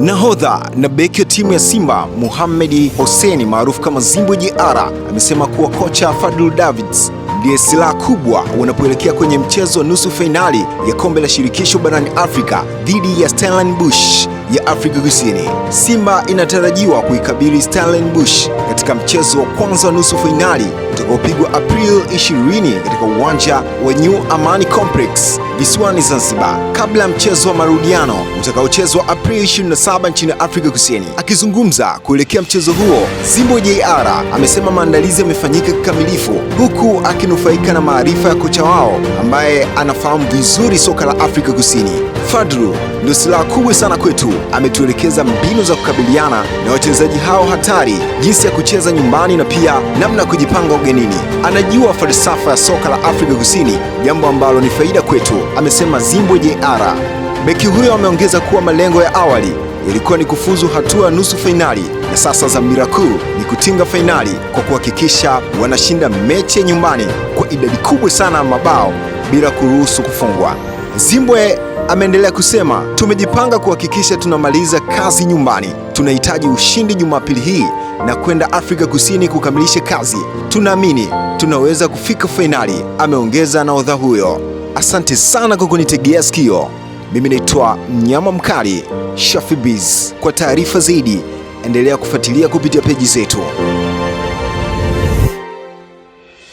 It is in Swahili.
Nahodha na beki wa timu ya Simba Mohamed Hossein maarufu kama Zimbo JR amesema kuwa kocha Fadlu Davids ndiye silaha kubwa wanapoelekea kwenye mchezo wa nusu fainali ya kombe la shirikisho barani Afrika dhidi ya Stellenbosch ya Afrika Kusini. Simba inatarajiwa kuikabili Stellenbosch katika mchezo wa kwanza wa nusu fainali utakaopigwa Aprili 20 katika uwanja wa New Amani Complex visiwani Zanzibar, kabla ya mchezo wa marudiano utakaochezwa Aprili 27 nchini Afrika Kusini. Akizungumza kuelekea mchezo huo, Zimbo JR amesema maandalizi yamefanyika kikamilifu, huku akinufaika na maarifa ya kocha wao ambaye anafahamu vizuri soka la Afrika Kusini. Fadlu ndio silaha kubwa sana kwetu ametuelekeza mbinu za kukabiliana na wachezaji hao hatari, jinsi ya kucheza nyumbani na pia namna ya kujipanga ugenini. Anajua falsafa ya soka la Afrika Kusini, jambo ambalo ni faida kwetu, amesema Zimbwe JR. Beki huyo ameongeza kuwa malengo ya awali yalikuwa ni kufuzu hatua ya nusu fainali na sasa dhamira kuu ni kutinga fainali kwa kuhakikisha wanashinda mechi nyumbani kwa idadi kubwa sana ya mabao bila kuruhusu kufungwa. Zimbwe Ameendelea kusema, tumejipanga kuhakikisha tunamaliza kazi nyumbani. Tunahitaji ushindi Jumapili hii na kwenda Afrika Kusini kukamilisha kazi. Tunaamini tunaweza kufika fainali, ameongeza naodha huyo. Asante sana kwa kunitegea sikio. Mimi naitwa mnyama mkali Shafibiz. Kwa taarifa zaidi, endelea kufuatilia kupitia peji zetu.